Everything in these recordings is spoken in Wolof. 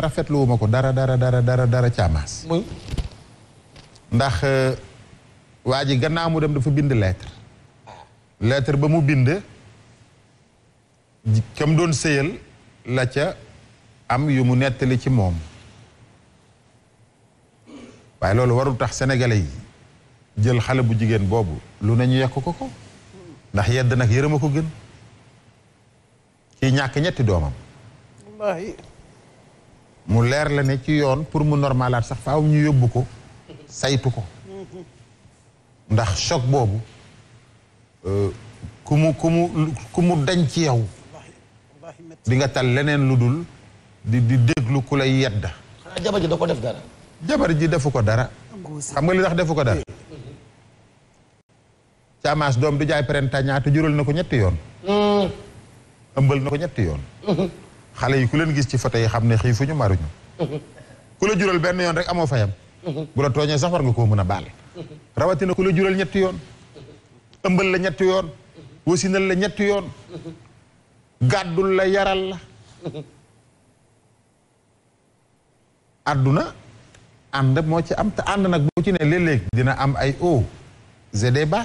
rafetlu wu ma ko dara dara dara dara dara caamaas ndax euh, waa ji gannaaw mu dem dafa bind lettre ah. lettre ba mu bind kam doon sëyal la ca am yu mu nettali ci moom waaye loolu warul tax sénégalais yi jël xale bu jigéen boobu lu nañu ñu yekk ko ko ndax yedd nag yërëm ko gën ki ñàkk ñetti doomam mu leer la ne ci yoon pour mu normalaat sax faaw ñu yóbbu ko saytu ko ndax choc boobu euh, ku mu ku mu dañ ci yow di nga tal leneen lu dul di di déglu ku lay yedd jabar ji da ko def dara jabar ji defu ko dara xam nga li dax defu ko dara caamaas doom du jaay prentaa ñaata jural na ko ñetti yoon mm. ëmbal na ko ñetti yoon mm-hmm. xale yi ku leen gis ci photo yi xam ne xiifuñu maruñu ku la jural benn yoon rek amoo fayam bu la tooñee sax war koo mën a baale rawatina ku la jural ñetti yoon ëmbal la ñetti yoon wasinal la ñetti yoon gàddul la yaral la àdduna ànd moo ci am te ànd nag boo ci ne léeg dina am ay o zd ba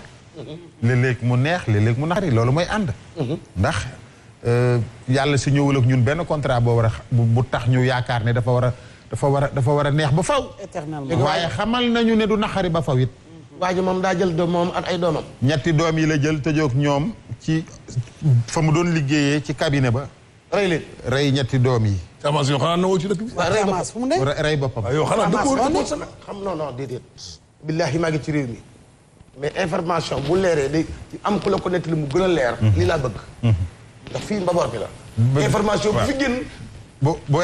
léeg mu neex léeg mu naxari loolu mooy ànd ndax Euh, yàlla si ñëwul ñun benn contrat boo war bu tax ñu yaakaar ne dafa war a dafa war a dafa war a neex ba faw éternellement waaye xamal nañu ne du naxari ba faw it waa ji moom daa jël doom moom ak ay doomam ñetti doom yi la jël tëjoog ñoom ci fa mu doon liggéeyee ci cabinet ba rey leen rey ñetti doom yi Camas yoo xanaa nawoo ci dëkk bi rey boppam yoo xanaa dëkkoo xam non non déedéet billaahi maa ngi ci réew mi mais information bu leeree day am ku la ko nettali mu gën a leer mm-hmm. lii laa bëgg mm-hmm. ndax fii mbaboor bi la. information bu fi génn. bu bu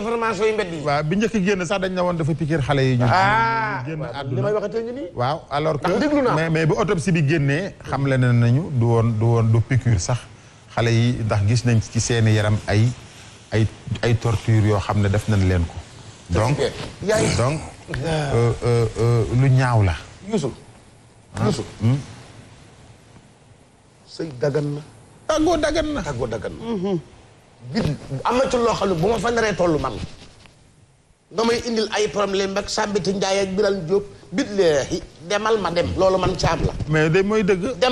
information yi bi njëkk génn sax dañ na woon dafa pikir xale yi. ñu ah, génn li may waxatee waaw alors que ah, mais mais bu autopsie bi génnee xam le nañu du woon du woon du piqûre sax xale yi ndax gis nañ ci seeni yaram ay ay ay torture yoo xam ne def nañ leen ko. donc donc ah. euh, euh, euh, lu ñaaw la. Hmm? tàggoo daggan na ak dagan na bid am na ci loo xam ne bu ma fa naree tollu man nga may indil ay problème ak sàmbiti njaay ak biral jóob bit leexi demal ma dem loolu man caab la mais de mooy dëgg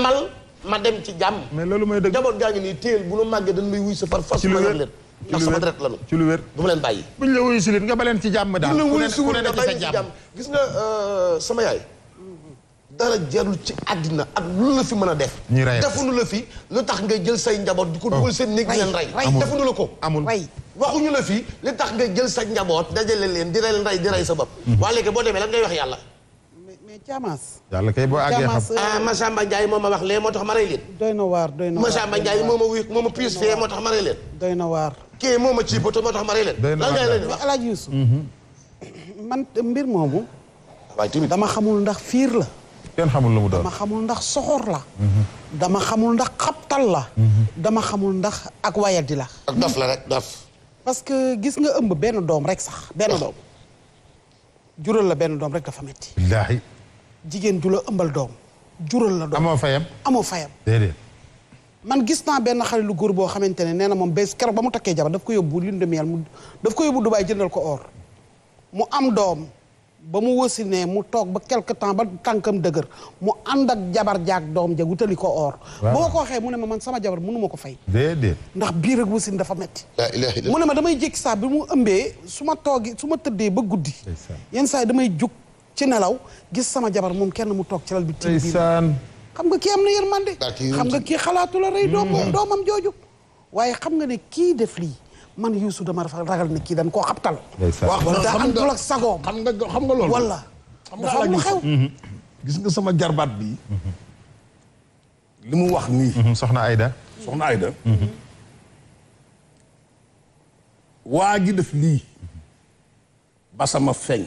ma dëgg jaboot gaa ngi nii téel bu nu màggee dañ may wuy sa far fas ma yor leen ndax sama deret lanu ci lu wér du ma leen bàyyi buñ la wuyu si leen nga baleen ci jàmm daal buñ la gis nga euh, sama yaay dara jarul ci àddina ak lu la fi mën a def. ñi rey defuñu la fi lu tax nga jël say njaboot. di ko oh. dugal seen néeg leen rey. defuñu la ko amul waxuñu la fi li tax ngay jël sa njaboot dajale leen di leen rey di sa bopp. Mm-hmm. waa léegi boo demee lan ngay wax yàlla. mais Thiamas. yàlla kay boo àggee xam ah Massamba Ndiaye moo ma wax lee moo tax ma leen. doy na waar doy na waar Massamba Ndiaye moo ma wuy moo ma piis fee leen. doy na waar. kii moo ma ci poto ma leen. doy na waar lan ngay leen wax Alaaji Yuusu mm-hmm. man mbir moomu. dama xamul ndax fiir la kenn xamul lu mu doon dama xamul ndax soxor la. dama xamul ndax xabtal la. dama xamul ndax ak wayadi la. ak daf la rek daf. parce que gis nga ëmb benn doom rek sax benn doom jural la benn doom rek dafa metti billaahi jigéen ju la ëmbal doom. jural la doom amoo fayam amoo fayam. déedéet. man gis naa benn xale lu góor boo xamante ne nee na moom bés keroog ba mu takkee jabar daf ko yóbbu lune de miel daf ko yóbbu Dubaay jëndal ko or mu am doom. ba mu wasinee mu toog ba quelque temps ba kànkam dëgër mu ànd ak jabar jaag doom ja wutali ko or boo ko waxee mu ne ma man sama jabar mënu ma ko fay déedéet ndax biir ak wasin dafa metti mu ne ma damay jékki saa bi mu ëmbee su ma toogi su ma tëddee ba guddi yenn saa yi damay jug ci nelaw gis sama jabar moom kenn mu toog ci lal bi tiim biir xam nga kii am na yërmande xam nga kii xalaatu la rey doomam hmm. doomam jooju waaye xam nga ne kii def lii man Youssou dama ragal ne kii dañ koo xabtal. waaw daa am ak sagoom. xam nga xam nga loolu. wala dafa am lu xew. Mhm. gis nga sama jarbaat bi mhm. li mu wax nii. Mhm, soxna Ayda. soxna Ayda. waa ji def lii. ba sama feeñ.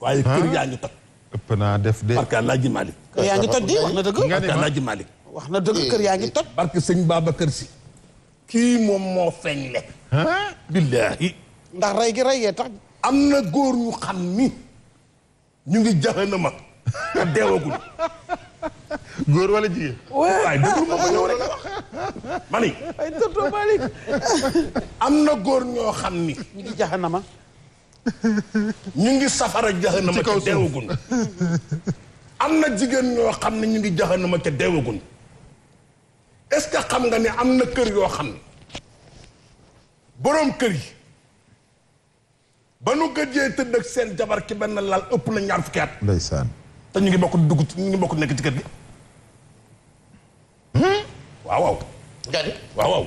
waaye ah. kër yaa ngi toj. ëpp naa def de. barka Alaaji Malick. kër yaa ngi na dëgg. barka wax na dëgg yaa ngi toj. barke sëñ Babacar Si. kii moom moo feeñ lekk. billaahi ndax rey gi rey gee tax am na góor yu xam ni ñu ngi jahanama te deewagul góor wala jigéen waaye déglu ma ma ñëw rek mani ay tonton Malick am na góor ñoo xam ni ñu ngi jahanama ñu ngi safara jahanama te deewagul am na jigéen ñoo xam ne ñu ngi jahanama te deewagul est-ce que xam nga ne am na kër yoo xam ne boroom kër yi ba nu gëjee tëdd ak seen jabar ci benn lal ëpp na ñaar fukki at ndeysaan te ñu ngi bokk dugg ñu ngi bokk nekk ci kër gi hmm? waaw waaw gadi waaw waaw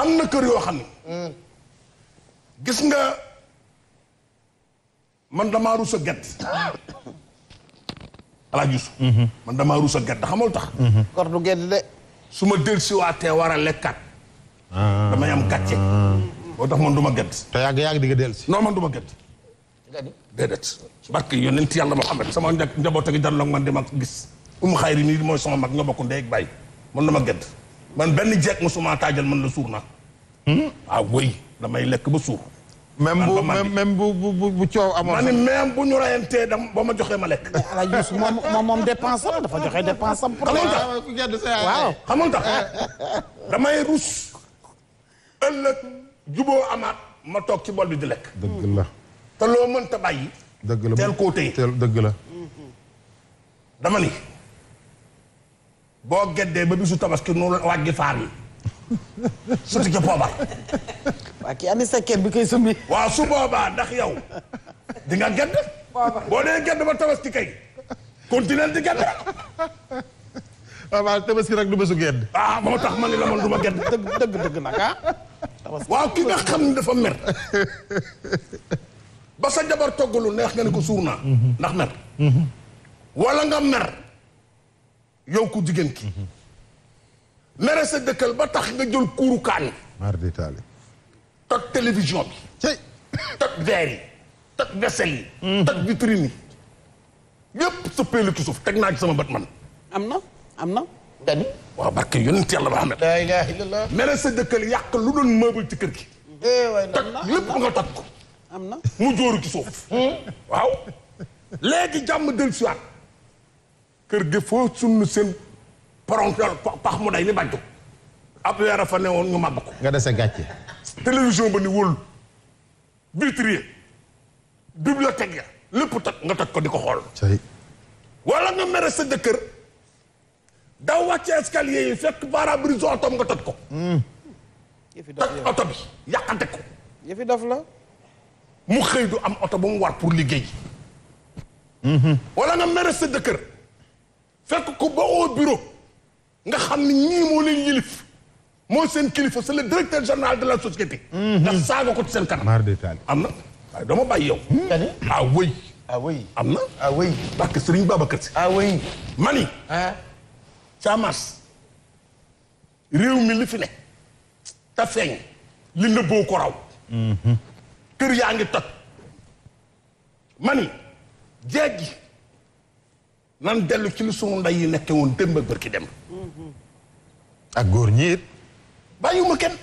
am na kër yoo xam ne hmm. gis nga man damaa ruus a gedd alaaj Yuusu mm-hmm. man damaa ruus a gedd xamul tax mm-hmm. kor du gedd de su ma dellusiwaatee war a lekkaat damay am gàcce. boo tax man du ma gëdd. te yàgg yàgg di nga si non man du ma gëdd. yoon barke yonent yàlla Muhammad sama njaboot gi dara man di ma gis. umu xayri nii mooy sama mag nga bokk ndey ak baay man du ma gëdd. man benn jeeg mosuma taajal man la suur na. Hmm? ah oui damay lekk ba suur. même bu même bu bu bu coow amoon. ma ni bu ñu rayantee boo ma joxee ma lekk. ala Youssou moom moom moom dépense am dafa joxe dépense am. pour ah, waaw xamul tax damay rus. ëllëg juboo amaat ma toog ci bol bi di lekk. dëgg la te loo mënta bàyyi. dëgg la teel koo téye teel dëgg la. dama ni boo geddee ba bisu tabaski noonu la wàññi faar yi su ci poobar. bi koy summi. waaw su boobaa ndax yow di nga boo dee gedd ba tabaski kay continuer di gedd. waaw waaw tabaski rek du bésu gedd. ah moo tax man ni la man du ma gedd. dëgg dëgg dëgg nag ah. waaw ki nga xam ne dafa mer ba sa jabar togg lu neex nga ne ko suur naa mhm. ndax mer mhm. walla nga mer yow ku jigéen ki mhm. mere sa dëkkal ba tax nga jël kuuru kaan mardi taali toj télévision bi cey toj verre yi toj vaisselle yi toj vitrine yi suuf teg naa ci sama bët man am na am na dani waaw barke yonent yàlla Muhammad la ilaha illallah mere sa dëkkal yàq lu doon meuble ci kër gi eh, tak lépp nga tak ko am na mu jóoru ci suuf waaw léegi jàmm del siwaat kër gi foo sunn seen parontol pax mu day ni bàjju ab weer a fa newoon ñu màbb ko nga dese gàcce télévision ba ni wóolu vitrier bibliothèque ya lépp tak nga tak ko di ko xool wala nga mere sa jëkkër daw wàcc escalier yi fekk pare-brise otom nga toj ko. Hmm. yëfi dof la yàqante ko. yëfi dof la. mu xëy am oto ba mu war pour liggéey. Hmm. wala nga mere sa kër fekk ko ba au nga xam ni ñii moo yilif. mooy seen kilifa c'est le directeur général de la société. Hmm. ndax saaga ko ci seen kanam. am na waaye dama bàyyi yow. dani ah ah am na. ah oui. parce que Serigne Babacar Si. ah mani. Ah. ça réew mi lu fi ne te feeñ li nëbboo ko raw mhm. kër yaa ngi toj mani jeeg gi nan dellu ci lu sunu ndey yi nekke woon démb ak barki dem mhm. ak góor ñi it bàyyiwuma kenn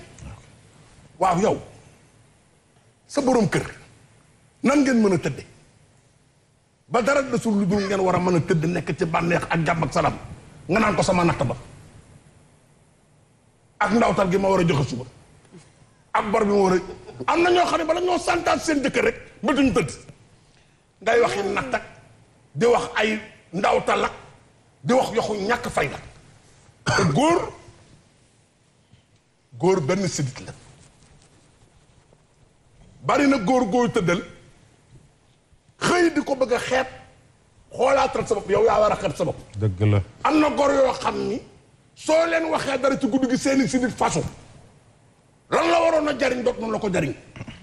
waaw yow sa boroom kër nan ngeen mën a tëdde ba dara desul lu dul ngeen war a mën a tëdd nekk ci bànneex ak jàmm ak salaam nga naan ko sama natt ba ak ndawtal gi ma war a joxe suba ak bor bi ma war a am na ñoo xam ne bala ñoo santaat seen jëkkër rek ba duñ tëdd ngay waxi natt ak di wax ay ndawtal ak di wax yoxu ñàkk fay te góor góor benn sidit la bari na góor góor tëddal xëy di ko bëgg a xeet xoolaatal sa bopp yow yaa war a xeeb sa bopp. dëgg am na gor yoo xam ni soo leen waxee dara ci guddi gi seeni si nit la waroon a jariñ dootum la ko jariñ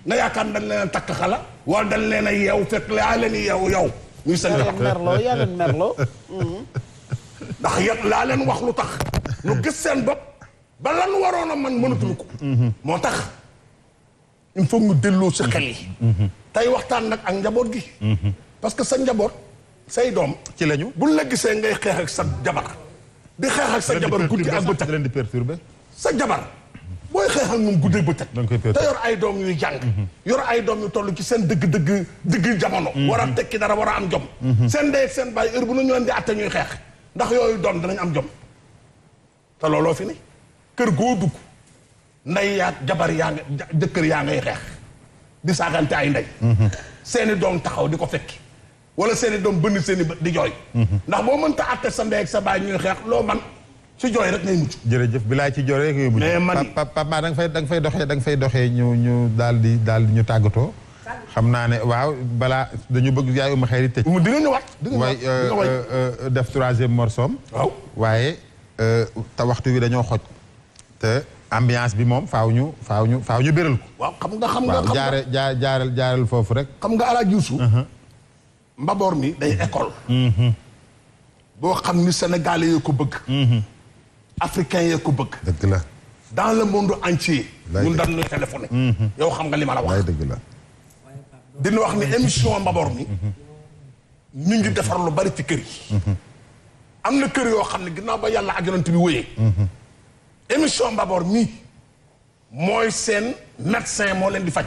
na yaakaar dañ leen a takk xala wala dañ leen a yeew fekk laa leen yeew yow. muy seen yaa leen merloo yaa leen merloo. laa leen wax lu tax lu gis seen bopp ba lan waroon a man mënatuñu ko. moo tax il faut ñu delloo si xel yi. Mm-hmm. tey waxtaan nag ak njaboot gi. Mm-hmm. parce que sa njaboot. say doom. ci lañu bu la gisee ngay xeex ak sa jabar. di xeex ak sa jabar guddi ak bëccëg leen di perturber sa jabar booy xeex ak moom guddi ak bëccëg te yor ay doom yu jàng mhm. yor ay doom yu toll ci seen dëgg dëgg dëgg jamono mhm. war a tekki dara war a am jom mhm. seen ndey ak seen baay heure bu na ñoon di atte ñuy xeex ndax yooyu doom danañ am jom te looloo fi ne kër goo dugg ndey yaa jabar yaa nga jëkkër yaa ngay xeex di saagante ay ndey seeni doom taxaw di ko fekki wala seen i doom bënn seen i bët di jooy mhm. ndax boo mënta àtte sa ndey sa baay ñuy xeex loo man ci jooy rek ngay mucc jërëjëf bilaay ci jooy rek ngay mucc papa ma da fay da nga fay doxee nga fay doxee ñu ñu daal di daal di ñu tàggatoo xam naa ne waaw balaa dañu bëgg yaay uma xëy di tëj di nga ñëwaat euh, euh, euh, def troisième morceau waaye te waxtu dañoo xoj bi moom faaw ñu faaw ñu faaw ñu béral ko waaw xam nga xam nga jaare jaareel jaareel foofu rek xam nga alaaj Youssou uh-huh. mbaboor mi day école. Mm-hmm. boo xam ni sénégalais yee ko bëgg. Mm-hmm. africain yee ko bëgg. dëgg la. dans le monde entier. ñun daan ñu mm-hmm. yow xam nga li ma la wax. dëgg la. dina wax ni émission mbaboor mi. ñu ngi defar lu bari ci kër yi. am na kër yoo xam ne ginnaaw ba yàlla ak yonent bi wéyee. émission mbaboor mi mooy seen médecin moo leen di faj.